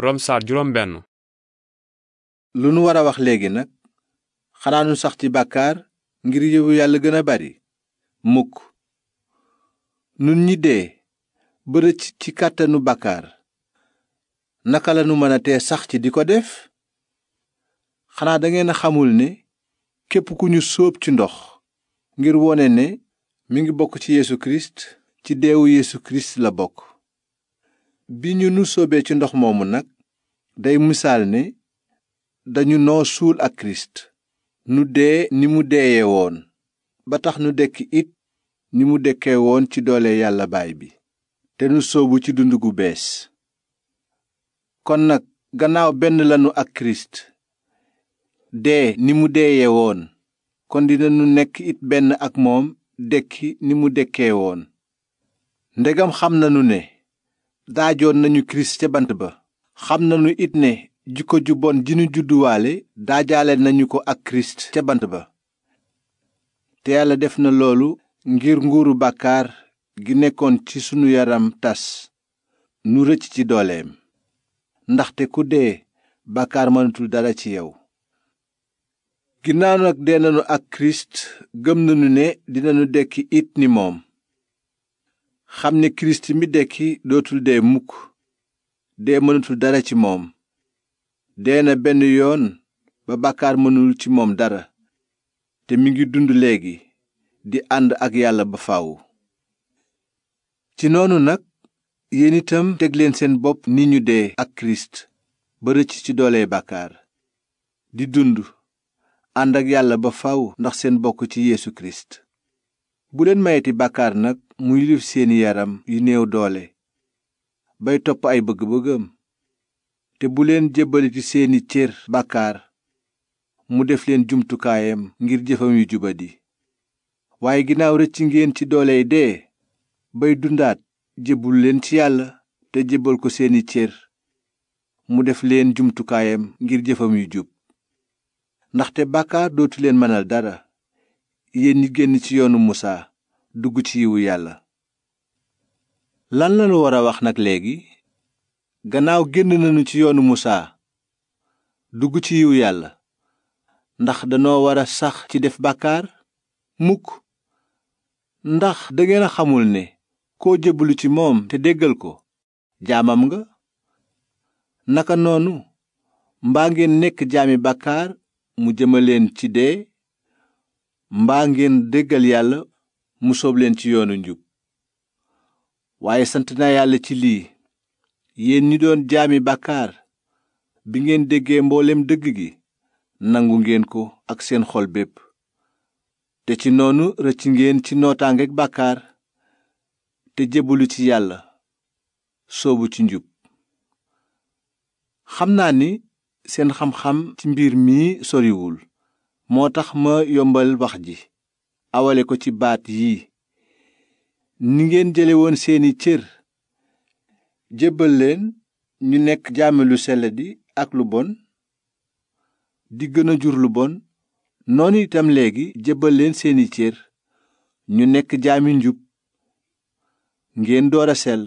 romsaar juróom benn lu nu war a wax léegi nag xanaa nu sax ci bàkkaar ngir yëwu yàlla gën a bari mukk nun ñi dee bërëc ci kàttanu bàkkaar naka lanu mën a tee sax ci di ko def xanaa dangeen a xamul ne képp ku ñu sóob ci ndox ngir wone ne mu ngi bokk ci Yeesu Kirist ci deewu Yeesu Kirist la bokk bi ñu nu soobee ci ndox moomu nag day misaal ne dañu noo suul ak kirist nu dee ni mu deeye woon ba tax nu dekki it ni mu dekkee woon ci doole yàlla baay bi te nu soobu ci dund gu bees kon nag gannaaw benn lanu ak kirist dee ni mu deeye woon kon dinanu nekk it benn ak moom dekki ni mu dekkee woon ndegam xam nanu ne daajoon nañu kirist ca bant ba xam nañu it ne jikko ju bon ji nu judduwaale daajaale nañu ko ak kirist ca bant ba te yàlla def na loolu ngir nguuru bàkkaar gi nekkoon ci sunu yaram tas nu rëcc ci dooleem ndaxte ku dee bàkkaar mënatul dara ci yow ginnaaw nag dee nanu ak kirist gëm nanu ne dinanu dekki it ni moom xam ne kirist mi dekki dootul dee mukk dee mënatul dara ci moom dee na benn yoon ba bàkkaar mënul ci moom dara te mi ngi dund léegi di ànd ak yàlla ba faw ci noonu nag yéen itam teg leen seen bopp ni ñu dee ak kirist ba rëcc ci doole bàkkaar di dund ànd ak yàlla ba faw ndax seen bokk ci yeesu kirist bu leen mayeti bàkkaar nag muy yilif seeni yaram yu néew doole bay topp ay bëgg-bëggam te buleen leen jébbaliti seeni cër bàkkaar mu def leen jumtukaayam ngir jëfam yu jubadi waaye ginnaaw rëcc ngeen ci dooley dee bay dundaat jébbul leen ci yàlla te jébbal ko seeni cër mu def leen jumtukaayam ngir jëfam yu jub ndaxte bàkkaar dootu leen mënal dara yéen ñi génn ci yoonu musaa dugg ci yiwu yàlla lan lañu war a wax nag léegi gannaaw génn nañu ci yoonu musaa dugg ci yiwu yàlla ndax danoo war a sax ci def bàkkaar mukk ndax dangeen a xamul ne koo jébbalu ci moom te déggal ko jaamam nga naka noonu mbaa ngeen nekk jaami bàkkaar mu jëmaleen ci dee mbaa ngeen déggal yàlla mu soob leen ci yoonu njub waaye sant naa yàlla ci lii yéen ñi doon jaami bàkkaar bi ngeen déggee mboolem dëgg gi nangu ngeen ko ak seen xol bépp te ci noonu rëcc ngeen ci nootaangeek bàkkaar te jébbalu ci yàlla soobu ci njub xam naa ni seen xam-xam ci mbir mii soriwul moo tax ma yombal wax ji awale ko ci baat yi ni ngeen jële woon seeni cër jébbal leen ñu nekk jaami lu di ak lu bon di gën a jur lu bon noonu itam léegi jébbal leen seeni cër ñu nekk jaami njub ngeen door a sell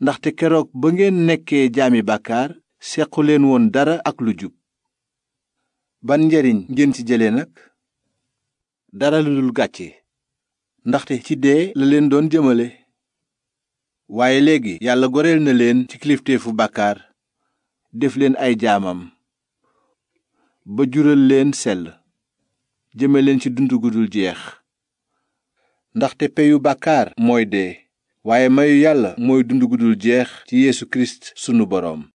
ndaxte keroog ba ngeen nekkee jaami bàkkaar sequ leen woon dara ak lu jub ban njariñ ngeen ci jële nag dara lu dul gàcce ndaxte ci dee la leen doon jëmale waaye léegi yàlla goreel na leen ci kilifteefu bàkkaar def leen ay jaamam ba jural leen sell jëme leen ci dund gu dul jeex ndaxte peyu bàkkaar mooy dee waaye mayu yàlla mooy dund gu dul jeex ci yeesu kirist sunu boroom